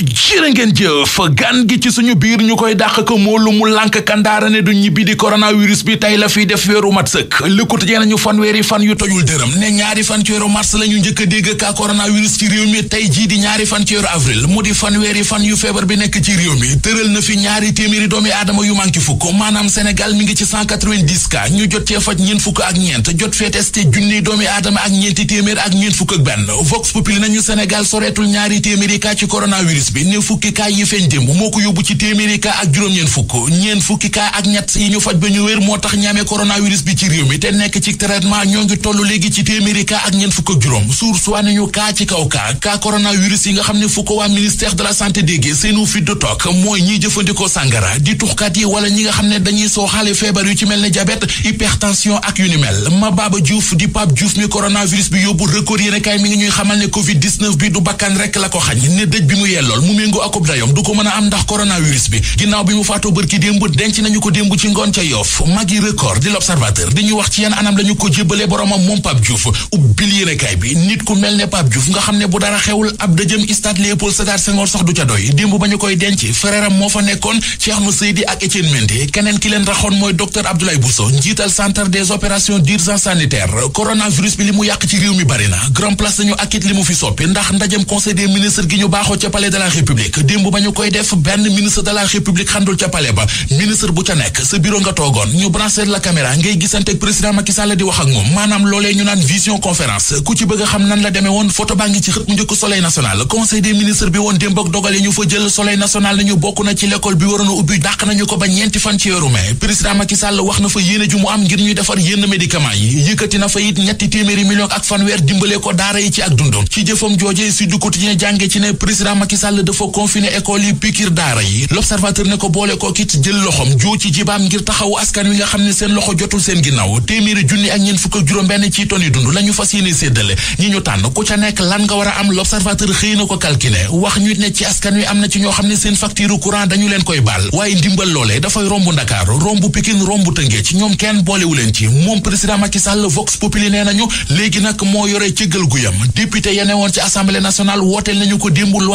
jërë ngeen jëf gan gi ci suñu biir ñu koy dàq ko moo lu mu lànk kandaara ne du ñibbi di coronavirus bi tey la fi def weeru mat sëkk Le Quotidien nañu fanweeri fan yu tojul dërëm ne ñaari fan ci weeru mars la ñu njëkk a dégg ka coronavirus ci réew mi tey jii di ñaari fan ci weeru avril mu di fanweeri fan yu feebar bi nekk ci réew mi tëral na fi ñaari téeméeri doomi aadama yu manki fukk maanaam Sénégal mi ngi ci 190 cas ñu jot cee faj ñeen fukk ak ñeent jot fee testé junni doomi aadama ak ñeenti téeméer ak ñeen fukk ak benn Vox Populi Sénégal soreetul ñaari téeméeri ka ci coronavirus coronavirus bi ne fukki kaa yi feeñ démb moo ko yóbbu ci téeméeri kaa ak juróom-ñeen fukk ñeen fukki ak ñett yi ñu faj ba ñu wér moo tax ñaamee coronavirus bi ci réew mi te nekk ci traitement ñoo ngi toll léegi ci téeméeri kaa ak ñeen fukk ak juróom suur soit nañu kaa ci kaw kaa kaa coronavirus yi nga xam ne fukk waa ministère de la santé déggee seenu fit de toog mooy ñiy jëfandikoo sàngara di tuxkat yi wala ñi nga xam ne dañuy sooxaale feebar yu ci lool mu méngoo akob dayoom du ko mën a am ndax coronavirus bi ginnaaw bi mu faatoo bërki démb denc nañu ko démb ci ngoon ca Yoff magi record di l'observateur di ñu wax ci yan anam lañu ko jébbalee boromam moom Pape Diouf ubbil yéenekaay bi nit ku mel ne Pape Diouf nga xam ne bu dara xewul ab dëjëm stade Léopold Sédar Senghor sax du ca doy démb ba ñu koy denc frère moo fa nekkoon Cheikhna Seydi ak Étienne Mendy keneen ki leen raxoon mooy docteur Abdoulaye Bousso njiital centre des opérations d'urgence ci réew mi bari na grand place dañu de ba ñu koy def benn ministre de la république xandul ca palais ba ministre bu ca nekk sa bureau nga toogoon ñu brancher la caméra ngay gisante ak président Macky Sall di wax ak moom maanaam loolee ñu naan vision conférence ku ci bëgg xam nan la demee woon photo baa ngi ci xët mu njëkk soleil national conseil des ministres bi woon démb dogal yi ñu fa jël soleil national nañu bokk na ci l'école bi waroon ubbi dàq nañu ko ba ñeenti fan ci weeru mai Sall dafa confiner école yi pikir daara yi l'observateur ne ko boole ko kit jël loxom joo ci jibaam ngir taxawu askan wi nga xam ne seen loxo jotul seen ginnaaw téeméeri junni ak ñeent fukk juróom-benn ci tonni dund la ñu fas yéene séddale ñi ñu tànn ku ca nekk lan nga war am l'observateur xëy na ko calculer wax ñu ne ci askan wi am na ci ñoo xam ne seen facture courant dañu leen koy baal waaye ndimbal loolee dafay romb Ndakaar romb Pikine romb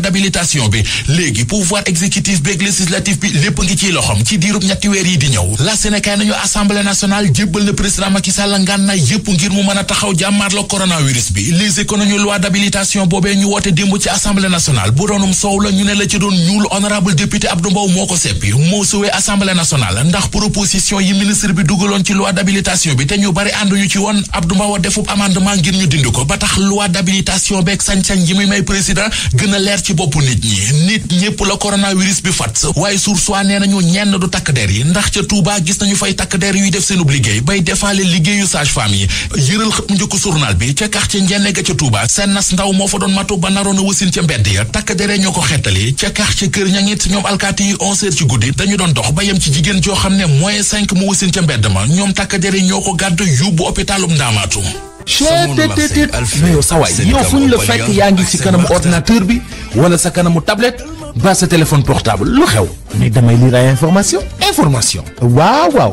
Tëngéej habilitation bi léegi pouvoir exécutif législatif bi lépp ngi ciy loxom ci diirub ñetti weer yi di ñëw la Sénégal nañu assemblée nationale jébbal na président Macky Sall ngànnaay yépp ngir mu mën a taxaw jàmmaarloo coronavirus bi les économies loi d'habilitation boobee ñu woote démb ci assemblée nationale bu doonum soow la ñu ne la ci doon ñuul honorable député Abdou Mbow moo ko seppi moo suwee assemblée nationale ndax proposition yi ministre bi dugaloon a defub a nit ñi nit ñépp la coronavirus bi fat waaye sursoi nee nañu ñenn du takk der yi ndax ca Touba gis nañu fay takk der yuy def seenub liggéey bay defaale liggéeyu sage-femme yi yëral xët mu njëkk bi ca quartier njenne ga ca Touba seen nas ndaw moo fa doon matu ba naroon a wasin ca mbedd ya takk dere ñoo ko xettali ca quartier kër ñangit ñoom alkaati yi onze heures ci guddi dañu doon dox ba yem ci jigéen joo xam ne moins cinq mu wasin ca mbedd ma ñoom takk dere ñoo ko gàdd yóbbu hôpitalum ndaamaatu chetttt mais yow sa waay yow fu ñu la fekk yaa ngi ci kanamu ordinateur bi wala sa kanamu tablette ba sa téléphone portable lu xew mais damay lire ay information information waaw waaw